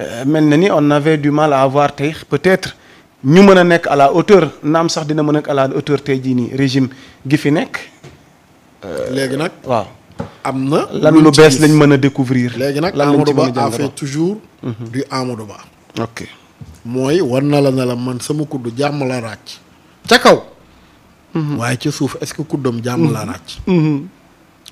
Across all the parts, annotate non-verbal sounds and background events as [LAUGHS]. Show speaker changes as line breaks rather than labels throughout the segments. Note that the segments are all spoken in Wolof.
Euh, mel na ni on avait du mal à avoir tey peut-être ñu mën a nekk à la hauteur naam sax dina mën a nekk à hauteur tey jii nii régime gi fi nekk. Euh, léegi nag waaw. am na lan lu bees lañ mën a découvrir. léegi nag Amadou Ba a fait toujours.
Mhm. du Amadou Ba. ok mooy war na la ne la man sama kudd jàmm la ràcc. ca kaw. Mhm. waaye ca suuf est-ce que kuddam jàmm la mhm.
ràcc.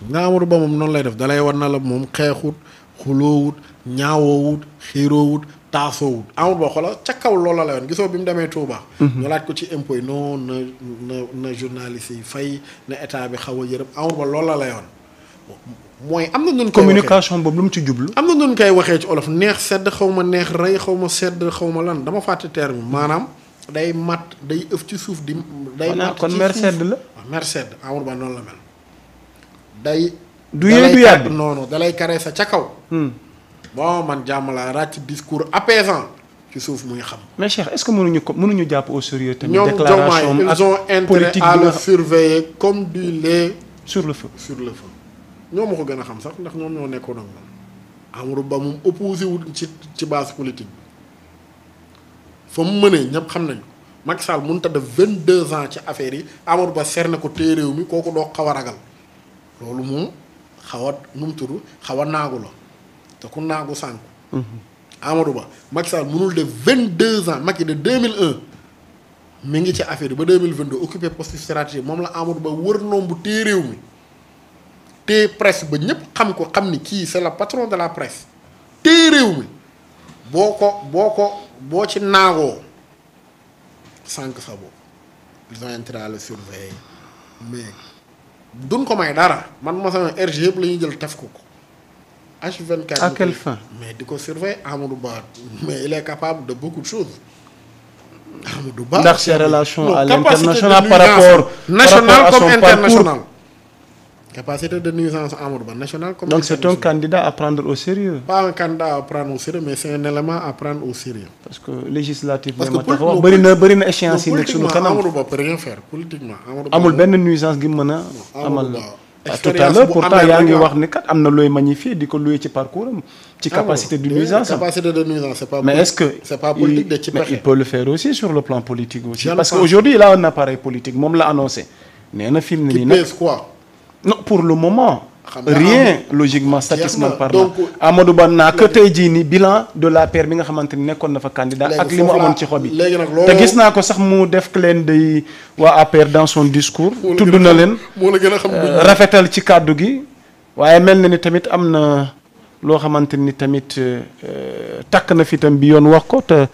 nga Amadou Ba moom noonu lay def dalay war na la moom xeexut. xuloowut ñaawoowut xiiroowut taasoowut amul boo xoolal ca kaw loola la yoon gisoo bi mu demee Touba. Mhm. ñu laaj ko ci impôt yi non na na na journaliste yi fay na état bi xaw a yërëm amul ba loola la yoon mooy am na nun communication
boobu lu mu ci jublu. am na nun koy waxee ci olof neex sedd xaw
ma neex rey xaw ma sedd xaw ma lan dama fàtte terme maanaam day mat day ëf ci suuf di. day mat ci suuf kon mer sedd la. Ah, mer sedd amul ba noonu la mel
du yee du yàgg noonu dalay
kare sa ca kaw hmm. bon man jàmmalaa laa ràcc discours apaisant ci suuf muy xam
mais Cheikh est-ce que mënuñu ko mënuñu jàpp au sérieux tamit déclaration ñoom ils ont à le surveiller comme du le feu sur le
ñoo ma ko gën a xam sax ndax ñoom ñoo nekkoon ak moom Ba moom opposé wul ci ci base politique bi fa mu mënee ñëpp xam nañu Macky Sall mënut a def vingt deux ans ci affaire yi Amadou Ba ser na ko téye réew mi kooku doo xaw a ragal loolu moom xaw a nu xaw a naagu la te ku naagu sànq. Mm-hmm. Amadou Ba Macky Sall mënul de vingt deux ans yi de deux mille un mu ngi ci affaire yi ba deux mille vingt deux occupé poste stratégique moom la Amadou Ba wër noom bu tée réew mi te presse ba ñépp xam ko xam ni kii c'est le patron de la presse tée réew mi boo ko boo ko boo ci naagoo sànq sa bopp ils ont le surveiller mais duñ ko may dara man ma sama RG yëpp la ñuy jël taf ko ko. H24. à quelle fin mais di ko surveiller Amadou Ba mais il est capable de beaucoup de choses. Amadou Ba ndax ses relations à l'international par rapport national comme international. capacité de donc c'est un
candidat à prendre au sérieux
pas un candidat à prendre au sérieux mais c'est un
élément à prendre au sérieux parce que législative. parce que politiquement bëri na bëri na échéance yi nekk suñu kanam
Amadou Ba amul benn
nuisance gi mën a. amal la tout à pourtant yaa ngi wax ni kat am na looy magnifier di ko loué ci parcours am. ci ah capacité de nuisance mais est que il peut le faire aussi sur le plan politique aussi. parce que aujourd'hui il a un appareil politique moom na film nii non pour le moment. rien logiquement statistiquement parlant Amadou Ba naa que tey jii nii bilan de la l'APR bi nga xamante ni nekkoon na fa candidat ak li mu amoon ci xob yi te gis naa ko sax mu def leen day waa APR dans son discours tudd na leen euh, rafetal ci kàddu gi waaye mel na ni tamit am na loo xamante ni tamit euh, takk na fitam bi yoon wax ko te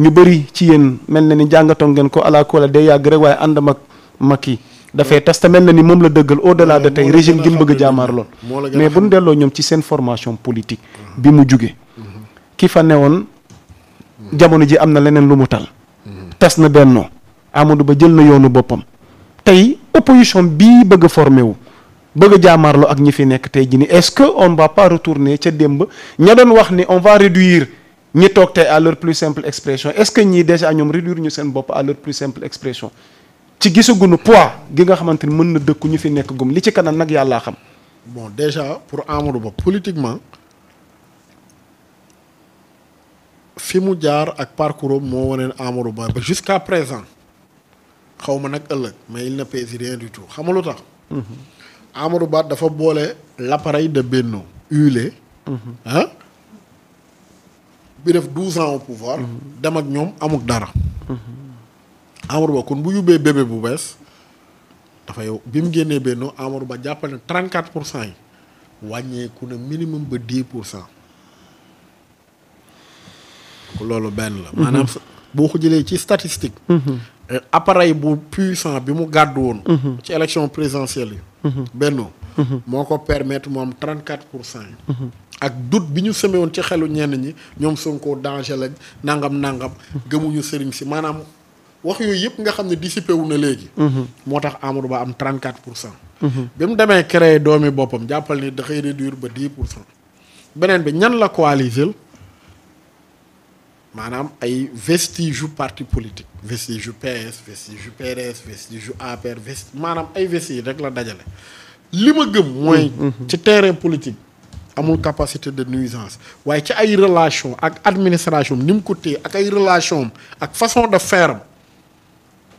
ñu bëri ci yéen mel na ni jàngatoon ngeen ko alaakola day yàgg rek waaye ànd mag mag yi dafay test mel na ni moom la dëggal au delà de tey régime gi mu bëgg a jaamaar lool mais bu ñu delloo ñoom ci seen formation politique bi mu jóge ki fa ne woon jamono ji am na leneen lu mu tal tas na bennoo Amadou Ba jël na yoonu boppam tey opposition bii bëgg a wu bëgg a jaamaarloo ak ñi fi nekk tey jii ni est-ce que on va par retourner ca démb ña doon wax ni on va réduire ñi toog tey à leur plus simple expression est-ce que ñii déjà ñoom réduire ñu seen bopp à leur plus simple ci gisagunu pois gi nga xamante ni mën na dëkku ñu fi nekk gum li ci kanam nag yàllaa xam. bon déjà pour Amadou Ba politiquement
fi mu jaar ak parcours am moo wane Amadou Ba ba jusqu'à présent xaw ma nag ëllëg mais il ne pèse rien du tout xam nga lu tax. Mm-hmm. Amadou Ba dafa boole l'appareil de Benno huilé. ah mm-hmm. bi def douze ans au pouvoir. Mm-hmm. dem ak ñoom amuk dara. Amadou Ba kon bu yubbee bébé bu bees dafa yow bi mu génnee Benno Amadou Ba jàppale ne 34 pour cent yi wàññeeku na minimum ba 10 pour cent loolu benn la. Mm-hmm. maanaam boo ko jëlee ci statistique. Mm-hmm. Eh, appareil bu puissant bi mu gàddu woon. Mm-hmm. ci élection présidentielle yi. Benno moo ko permettre mu am 34 pour cent yi. ak doute bi ñu semé ci xelu ñenn ñi ñoom Sonko danger lañ nangam nangam. gëmuñu sëriñ si maanaam. wax yooyu yëpp nga xam ne dissipé wu na léegi. Mhm. moo tax Amadou Ba am 34 pour cent. Mhm. bi mu demee créé doomi boppam jàppal ni dafay réduire ba 10 pour cent. beneen bi ñan la coaliser maanaam ay vestige yu parti politique. vestige yu PS vestige yu PDS vestige yu APR vestige maanaam ay vestige rek la dajale. li ma gëm mooy. Mhm. ci terrain politique. amul capacité de nuisance waaye ci ay relation ak administration ni mu ko téye ak ay relation am ak façon de faire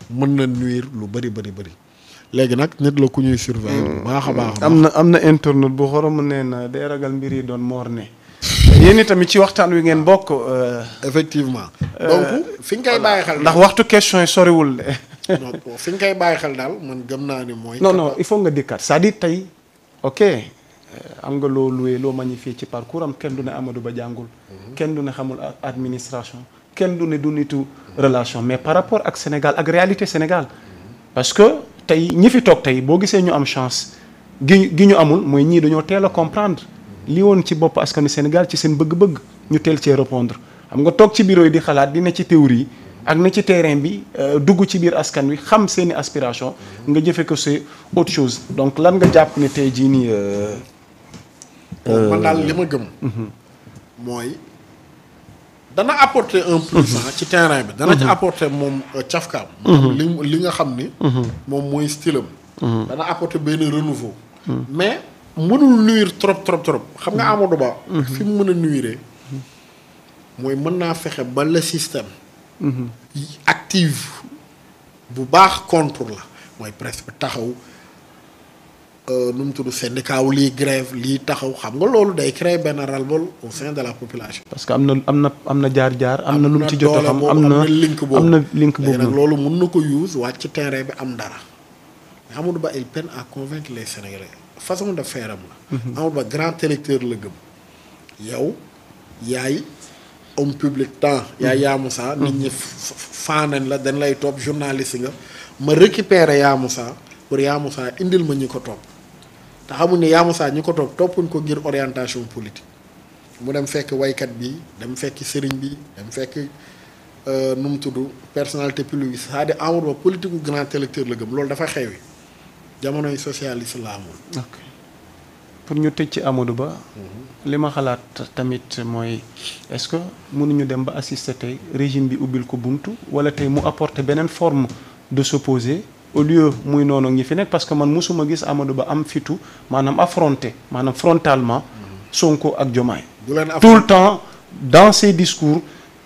mën na
nuire lu bëri bëri bëri léegi nag nit la ku ñuy surveiller bu mm. baax a baax am na am na internet bu xorom nee na day ragal mbir yi doon moor ne yéen itamit ci waxtaan wi ngeen bokk. Euh, effectivement euh, donc fi ñu koy bàyyi xel. ndax waxtu question yi soriwul de. [LAUGHS] non
fi ñu koy bàyyi xel daal man gëm naa ni mooy. non non
il faut nga dikkaat cest à tey ok euh, am nga loo loué loo magnifié ci parcours am kenn du ne Amadou Ba jàngul. Mm-hmm. kenn du ne xamul administration. kenn du ne du nitu relation mais par rapport ak Sénégal ak réalité Sénégal parce que tey ñi fi toog tey boo gisee ñu am chance gi gi ñu amul mooy ñii dañoo teel a comprendre li woon ci bopp askanu Sénégal ci seen bëgg-bëgg ñu teel cee répondre xam nga toog ci bureau yi di xalaat di ne ci théorie ak na ci terrain bi euh, dugg ci biir askan wi xam seen i aspiration nga jëfe ko c'est autre chose donc lan nga jàpp ne tey jii nii. Euh, man daal euh, li ma gëm. Mhm.
mooy. dana apporter un plus ci terrain bi dana ci mhm. apporter moom euh, cafkaam mhm. li li nga xam ni mhm. moom mooy style am dana apporter benn renouveau mais mënul nuire trop trop trop xam nga Amadou Ba fi mu mën a nuire mooy mën naa fexe ba le système active bu baax contre la mooy presque taxaw Euh, nu mu tudd syndicat wu lii grève lii taxaw xam nga loolu day créer benn ras-le-bol au sein de la population.
parce que am na am na am na jaar jaar. am na lu mu ci jot am na link boobu am na link boobu nag loolu
mun na ko use wàcc ci terrain bi am dara. Amadou Ba il peine à convaincre les Sénégalais façon de faire am la. Mhm. Amadou Ba grand électeur la gëm. yow yaay homme public temps yaay mhm. Yamoussa. Mhm. nit ñi faanañ la dañ lay topp journaliste nga ma yaa récupérer Yamoussa pour Yamoussa indil ma ñi ko topp. te xamuñ ne Yaa saa ñi ko topp toppuñ ko ngir orientation politique mu dem fekk waykat bi dem fekk sëriñ bi dem fekk euh, nu mu tudd personnalité publique c'est-à-dire Amadou Ba politique gu grand électeur la gëm loolu dafa xewi jamonoy socialiste la amoon.
pour ñu tëj ci Amadou Ba. Mhm. li ma xalaat tamit mooy est-ce que mënuñu dem ba assister tey régime bi ubbil ko buntu wala tey mu apporter beneen forme de s'opposer au lieu muy noonu ngi fi nekk parce que man mosuma gis Amadou Ba am fitu maanaam affronté maanaam frontalement Sonko ak Diomaye tout le temps dans ses discours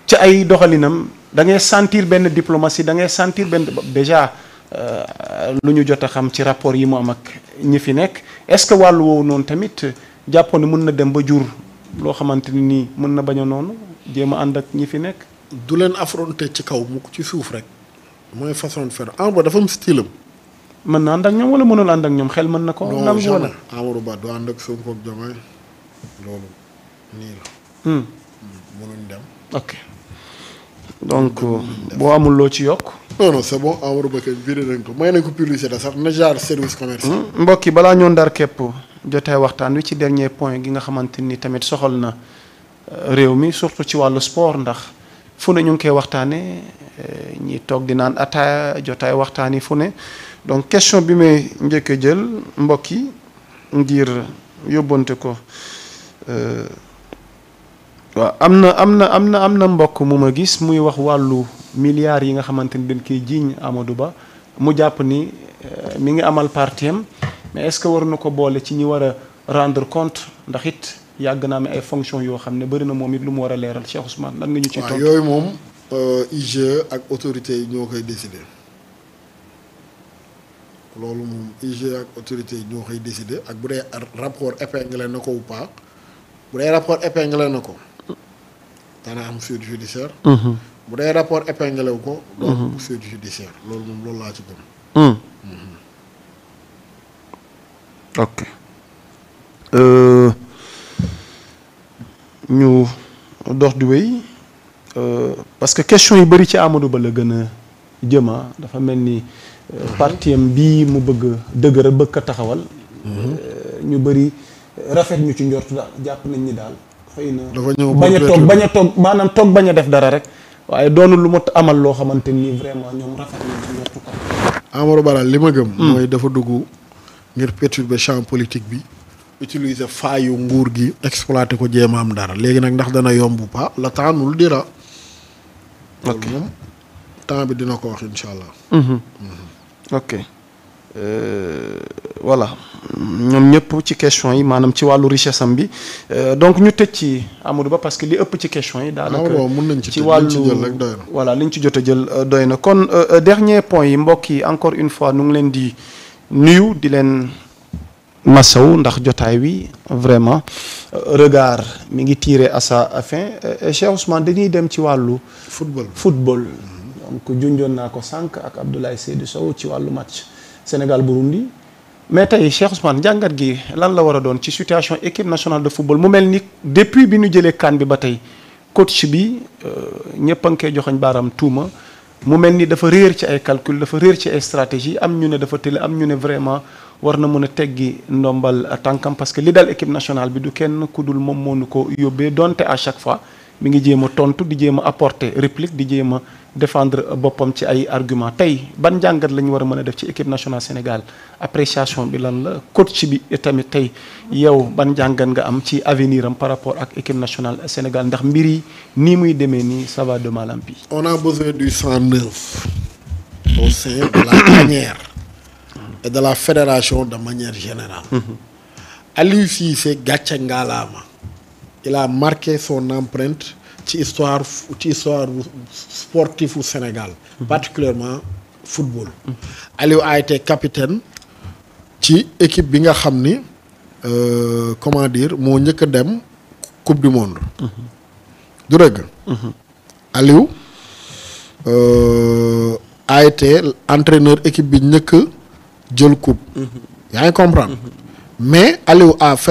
ci ay doxalinam da ngay sentir benn diplomatie da ngay sentir benn déjà euh, lu ñu jot a xam ci rapport yi mu am ak ñi fi nekk est-ce que wàllu woowu noonu tamit jàppoon ne mën na dem ba jur loo xamante ni nii mën na bañ a noonu jéem a ànd ak ñi fi nekk. du leen affronter ci kaw mu ci suuf rek. mooy façon de faire Amadou Ba dafa am style am. mën na ànd ak ñoom wala mënul ànd ak ñoom xel mën na ko. nangu wala
Amadou Ba du ak Sonko ak Diomaye loolu nii
hmm. euh, boo amul loo ci yokk.
non non c'est bon Amadou Ba kay viré ko may nañ sax na service commercial. Hmm.
mbokk yi balaa ñoo dar képp jotee waxtaan wi ci dernier point gi nga xamante ni tamit soxal na euh, réew mi surtout ci wàllu sport ndax. fu ne ñu ngi koy waxtaanee eh, ñi toog di naan ataaya jotaay waxtaan yi fu ne donc question bi may njëkk a jël mbokk yi ngir yóbbante ko eh, waaw am na am na am na am na mbokk mu ma gis muy wax wàllu milliards yi nga xamante ni dañ koy jiiñ amadu Ba mu jàpp ni eh, mi ngi amal parti am mais est-ce que war na ko boole ci ñi war a rendre compte ndax it. yàgg naa mi ay fonction yoo xam ne bëri na moom it lu mu war a leeral Cheikh Ousmane lan nga ñu ciy tontu yooyu moom
euh, IGE ak autorités yi ñoo koy décider loolu moom IGE ak autorités ñoo koy décider ak bu dee rapport épinglé na ko ou bu dee rapport épinglé na ko dana am suite judiciaire mm-hmm. bu dee rapport épinglé wu ko loolu am mm-hmm. suite judiciaire loolu moom loolu laa ci gëm
mm. mm-hmm. ñu dox di wéy euh, parce que question yu bëri ci Amadou Ba la gën a jëma ah. dafa mel ni euh, partiyam bii mu bëgg dëgër a bëgg a taxawal mhm. euh, ñu bëri rafet ñu ci njort daal jàpp nañ ni daal xëy na bañ a toog a toog maanaam toog bañ a def dara rek waaye doonul lu ma amal loo xamante nii vraiment ñoom rafet nañ ci njortu ko
Amadou Ba daal li ma gëm hmm. mooy dafa dugg ngir perturber champ politique bi utiliser faayu nguur gi exploité ko jéem am dara léegi nag ndax dana yomb pas la taanul dira ok moom bi dina ko wax incha allah.
Mhm. Mhm. ok euh, voilà ñoom ci question yi maanaam ci wàllu richesse am bi euh, donc ñu tëj ci Amadou Ba parce que li ëpp ci question yi. daanaka ci wàllu voilà li ñu ci jot a jël euh, doy na kon dernier point yi mbokk yi encore une fois nu ngi leen di nuyu di leen. masaw ndax jotaay wi vraiment euh, regard mi ngi tiire à sa fin Cheikh Ousmane dañuy dem ci wàllu. football football. donc junjoon naa ko sànq ak Abdoulaye Seydou Sow ci wàllu match Sénégal Burundi. mais tey Cheikh Ousmane jàngat gi lan la war a doon ci situation équipe nationale de football mu mel ni depuis bi ñu jëlee CAN bi ba tey coach bi euh, ñëpp a ngi koy joxoñ baaram tuuma. mu mel ni dafa réer ci ay calcul dafa réer ci ay stratégie am ñu ne dafa tële am ñu ne vraiment war na mën a teggi ndombal tànkam parce que li dal équipe nationale bi du kenn ku dul moom moo nu ko yóbbee donte à chaque fois mi ngi jéema tontu di jéem a apporter réplique di jéema défendre boppam ci ay argument tey ban njàngat la ñu war a mën a def ci équipe nationale Sénégal appréciation bi lan la coach bi tamit tey yow ban njàngat nga am ci aveniram par rapport ak équipe nationale Sénégal ndax mbir yi nii muy demee nii ça va de mal en
on a besoin du 109 au sein de la tanière [COUGHS] de la fédération de manière générale.
Mm-hmm.
Aliou Cissé gàcce ngaalaama. il a marqué son empreinte ci histoire ci histoire sportive au Sénégal. Mhm. particulièrement football. Aliou a été capitaine ci équipe bi nga xam ni euh, comment dire moo njëkk a dem coupe du monde. Mhm. du dëgg. Mhm. Aliou euh, a été
équipe bi njëkk jël coupe. yaa ngi comprendre mais Aliou a fait.